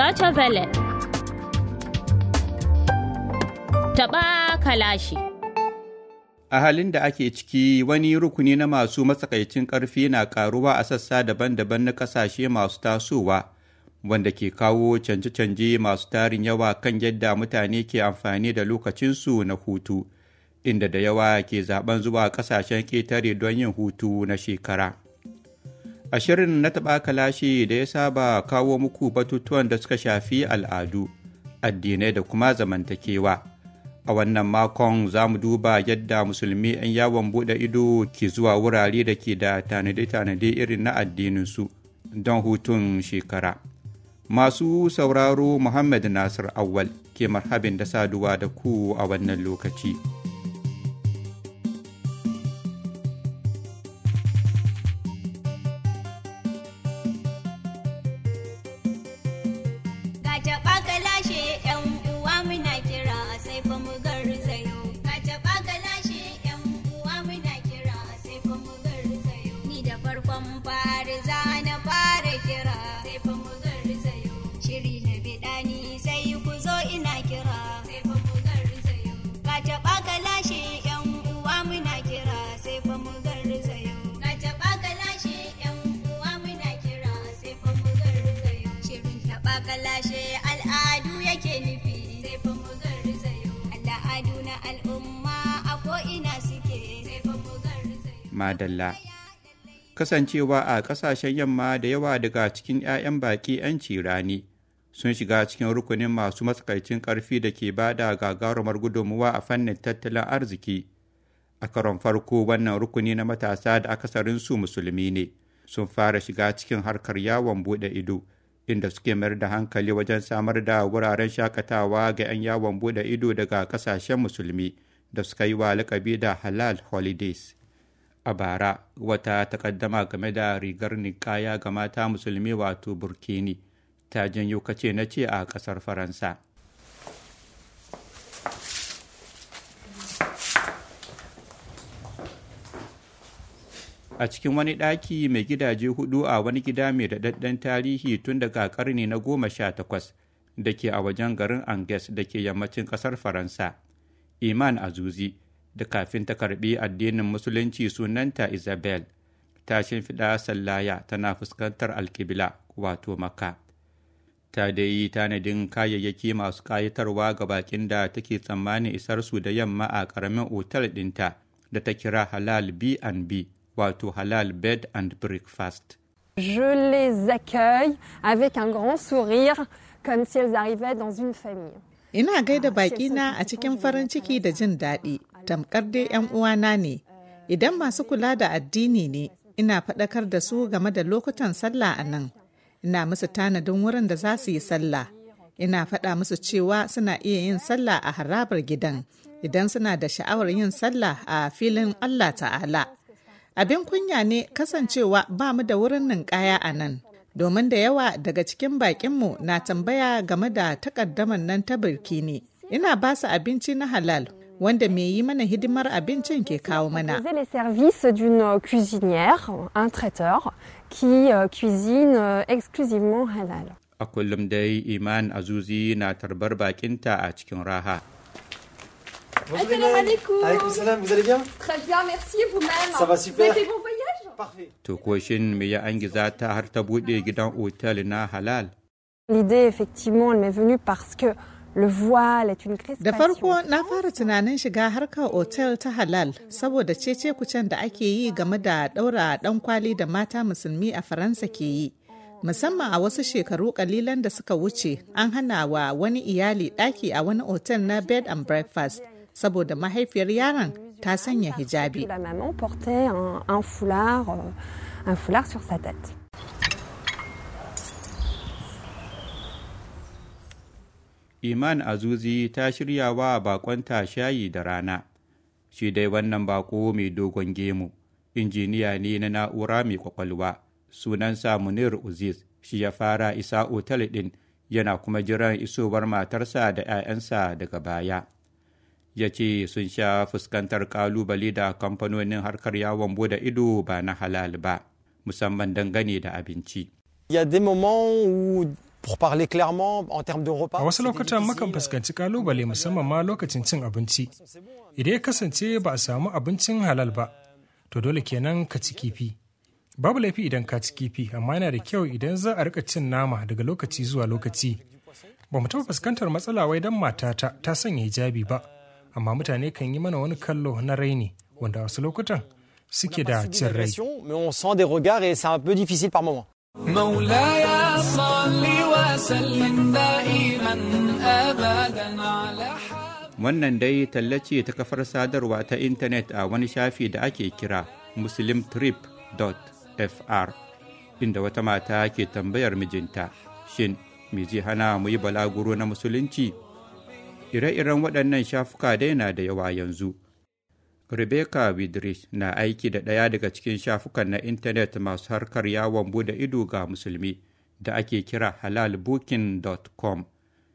Deutsche Welle. Taɓa kalashi. A halin da ake ciki wani rukuni na masu matsakaicin ƙarfi na ƙaruwa a sassa daban-daban na ƙasashe masu tasowa, wanda ke kawo canje-canje masu tarin yawa kan yadda mutane ke amfani da lokacinsu na hutu, inda da yawa ke zaben zuwa ƙasashen ƙetare don yin hutu na shekara. A shirin na taɓa kalashi da ya saba kawo muku batutuwan da suka shafi al'adu, addinai da kuma zamantakewa. A wannan makon za mu duba yadda musulmi 'yan yawon buɗe ido ke zuwa wurare da ke da tanade-tanade irin na addininsu don hutun shekara. Masu sauraro Muhammad Nasir Awal ke marhabin da saduwa da ku a wannan lokaci. Tun za na fara kira, sai fa na biɗani sai ku ina kira, sai fa mu Ka taɓa uwa muna kira, sai fa Ka taɓa uwa muna kira, sai fa Shirin al'adu yake nufi, sai fa Al'adu na al'umma a ko ina suke, sai fa Madalla. kasancewa a ƙasashen yamma da yawa daga cikin 'ya'yan baƙi 'yanci rani sun shiga cikin rukunin masu matsakaicin ƙarfi da ke ba da gagarumar gudunmuwa a fannin tattalin arziki a karon farko wannan rukuni na matasa da akasarin su musulmi ne sun fara shiga cikin harkar yawon buɗe ido inda suke mayar da hankali wajen samar da wuraren shakatawa ga 'yan yawon buɗe ido daga ƙasashen musulmi da suka yi wa lakabi da halal holidays a bara wata takaddama game da rigar ninƙaya ga mata musulmi wato burkini ta janyo kace na ce a kasar faransa a cikin wani ɗaki mai gidaje hudu a wani gida mai daɗaɗɗen tarihi tun daga ƙarni na goma sha takwas da ke a wajen garin angers da ke yammacin ƙasar faransa iman azuzi da kafin ta karbi addinin musulunci sunanta isabel ta shimfiɗa sallaya tana fuskantar alkibila wato maka ta da yi tanadin kayayyaki masu kayatarwa ga bakin da take tsammanin isarsu da yamma a ƙaramin otal ɗinta da ta kira halal b&b wato halal bed and breakfast Je les accueille avec un grand sourire comme si elles arrivaient dans une famille. Ina gaida ah, baƙina a cikin farin ciki da jin daɗi, tamkar dai 'yan uwana ne idan masu kula da addini ne ina faɗakar da su game da lokutan sallah a nan ina musu tanadin wurin da za su yi sallah ina faɗa musu cewa suna iya yin sallah a harabar gidan idan suna da sha'awar yin sallah a filin Allah ta'ala abin kunya ne kasancewa ba mu da wurin ninkaya a nan domin da yawa daga cikin bakinmu na tambaya game da takaddaman nan ta birki ne, ina ba su abinci na halal wanda mai yi mana hidimar abincin ke kawo mana. les services d'une euh, cuisinière, un traiteur, qui euh, cuisine euh, exclusivement halal. A kullum dai Iman Azuzi na tarbar bakinta a cikin raha. vous allez bien Très bien, merci vous-même. Ça va super. bon voyage To ko me ya angiza ta har ta bude gidan otel na halal. L'idée effectivement, elle m'est venue parce que Da farko na fara tunanin shiga harkar otel ta halal saboda cece kucen da ake yi game da ɗaura ɗan kwali da mata musulmi a Faransa ke yi. Musamman a wasu shekaru kalilan da suka wuce an hana wa wani iyali ɗaki a wani otel na bed and breakfast saboda mahaifiyar yaron ta sanya hijabi. iman azuzi ta shirya wa bakonta shayi da rana shi dai wannan bako mai dogon gemu injiniya ne na na'ura mai kwakwalwa sunansa munir uziz shi ya fara isa otal ɗin yana kuma jiran isowar matarsa da 'ya'yansa daga baya ya ce sun sha fuskantar kalubale da kamfanonin harkar yawon bude ido ba na halal ba musamman dangane da abinci. Il y a A wasu lokutan mukan euh, fuskanci kalubale musamman ma euh, lokacin cin abinci. Hein. Idan ya kasance ba a samu abincin halal ba, to dole kenan ka ci kifi. Babu laifi idan ka ci kifi, amma yana da kyau idan za a rika cin nama daga lokaci zuwa lokaci. Ba mu taɓa fuskantar matsala wai don matata ta sanya hijabi ba, amma mutane kan yi mana wani kallo na raini wanda wasu lokutan suke da cin rai. مولاي صل Wannan dai tallace ta kafar sadarwa ta intanet a wani shafi da ake kira muslimtrip.fr inda wata mata ke tambayar mijinta, shin miji hana mu yi balaguro na musulunci? Ire-iren waɗannan shafuka dai na da yawa yanzu. Rebecca Widrich na aiki da ɗaya daga cikin shafukan na intanet masu harkar yawon bude ido ga musulmi. da ake kira halalbooking.com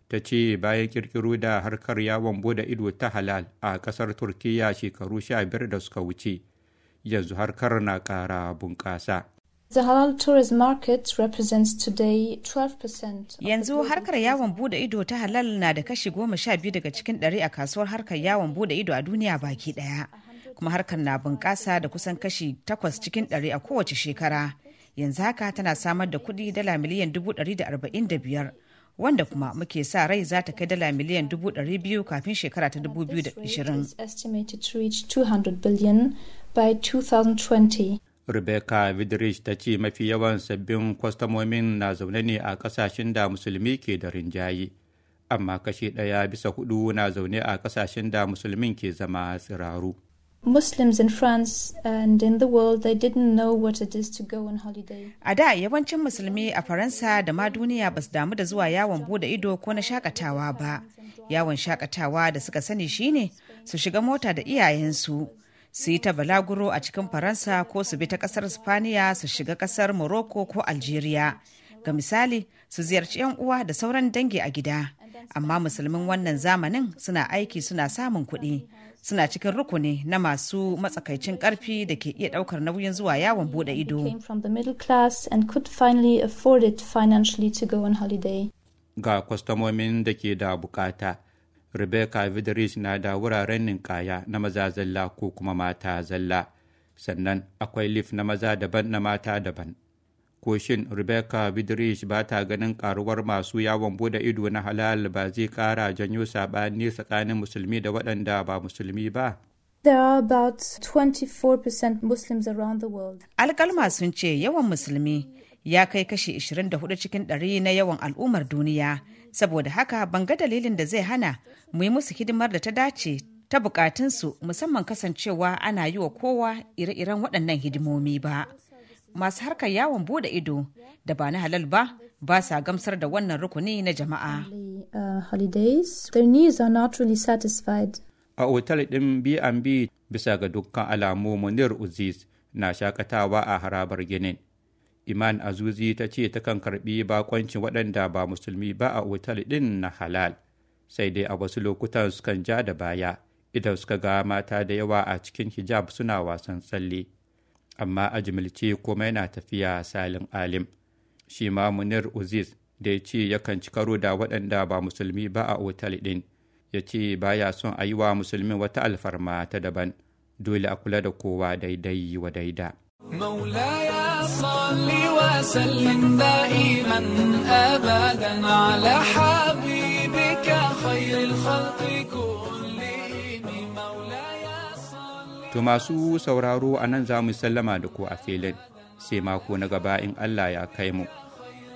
ta ce bayan kirkiro da harkar yawon bude ido ta halal a kasar turkiya shekaru sha biyar da suka wuce yanzu harkar na kara bunƙasa. The halal tourist market represents today 12% Yanzu harkar yawon bude ido ta halal na da kashi goma sha biyu daga cikin ɗari a kasuwar harkar yawon bude ido a duniya baki ɗaya. Kuma harkar na bunƙasa da kusan kashi takwas cikin ɗari a kowace shekara. yanzu haka tana samar da kuɗi dala miliyan 245 wanda kuma muke sa rai za ta kai dala miliyan 200 kafin shekara ta 2020. Rebecca Vidrich ta ce mafi yawan sabbin kwastamomin na zaune ne a kasashen da musulmi ke da rinjaye, amma kashe ɗaya bisa hudu na zaune a kasashen da musulmin ke zama tsiraru. Muslims in France and in the world they didn't know what it is to go on holiday. A da yawancin musulmi a Faransa da ma duniya basu damu da zuwa yawon bude ido ko na shakatawa ba. Yawon shakatawa da suka sani shine su shiga mota da iyayensu. Su yi ta balaguro a cikin Faransa ko su bi ta kasar Spaniya su shiga kasar Morocco ko Algeria. Ga misali, su ziyarci 'yan uwa da sauran dangi a gida. amma musulmin wannan zamanin suna aiki suna samun kuɗi suna cikin rukuni na masu matsakaicin ƙarfi da ke iya ɗaukar nauyin zuwa yawon buɗe ido. Ga kwastomomin da ke da bukata, Rebecca Vidris na da wuraren ninkaya na maza zalla ko kuma mata zalla, sannan akwai lif na maza daban na mata daban. ko shin rebecca bidrish ba ta ganin karuwar masu yawon bude ido na halal ba zai kara janyo saɓani tsakanin musulmi da waɗanda ba musulmi ba There are about 24% Muslims around the Alƙalma sun ce yawan musulmi ya kai kashi 24 cikin ɗari na yawan al'ummar duniya. Saboda haka ban ga dalilin da zai hana mu yi musu hidimar da ta dace ta bukatunsu musamman kasancewa ana yi wa kowa ire-iren waɗannan hidimomi ba. masu harkar yawon bude ido da ba na halal ba ba sa gamsar da wannan rukuni na jama'a. Uh, a otal ɗin B&B bisa ga dukkan alamu Munir Uziz na shakatawa a harabar ginin. Iman Azuzi ta ce takan karɓi bakoncin waɗanda ba musulmi ba a otal ɗin na halal. Sai dai a wasu lokutan sukan ja da baya idan suka ga mata da yawa a cikin hijab suna wasan tsalle. amma a jimilce kuma yana tafiya salin alim shi ma munir uziz da ya ce yakan ci karo da waɗanda ba musulmi ba a otal ɗin ya ce ba ya son a yi wa musulmi wata alfarma ta daban dole a kula da kowa daidai wa daida وسلم ya To masu sauraro a nan za mu sallama da ku a filin sai mako na gaba in Allah ya kai mu.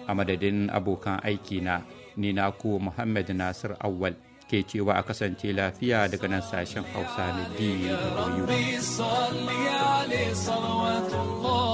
A madadin abokan aiki na ni na ku Muhammad Nasir Awwal ke cewa a kasance lafiya daga nan sashen Hausa na DW.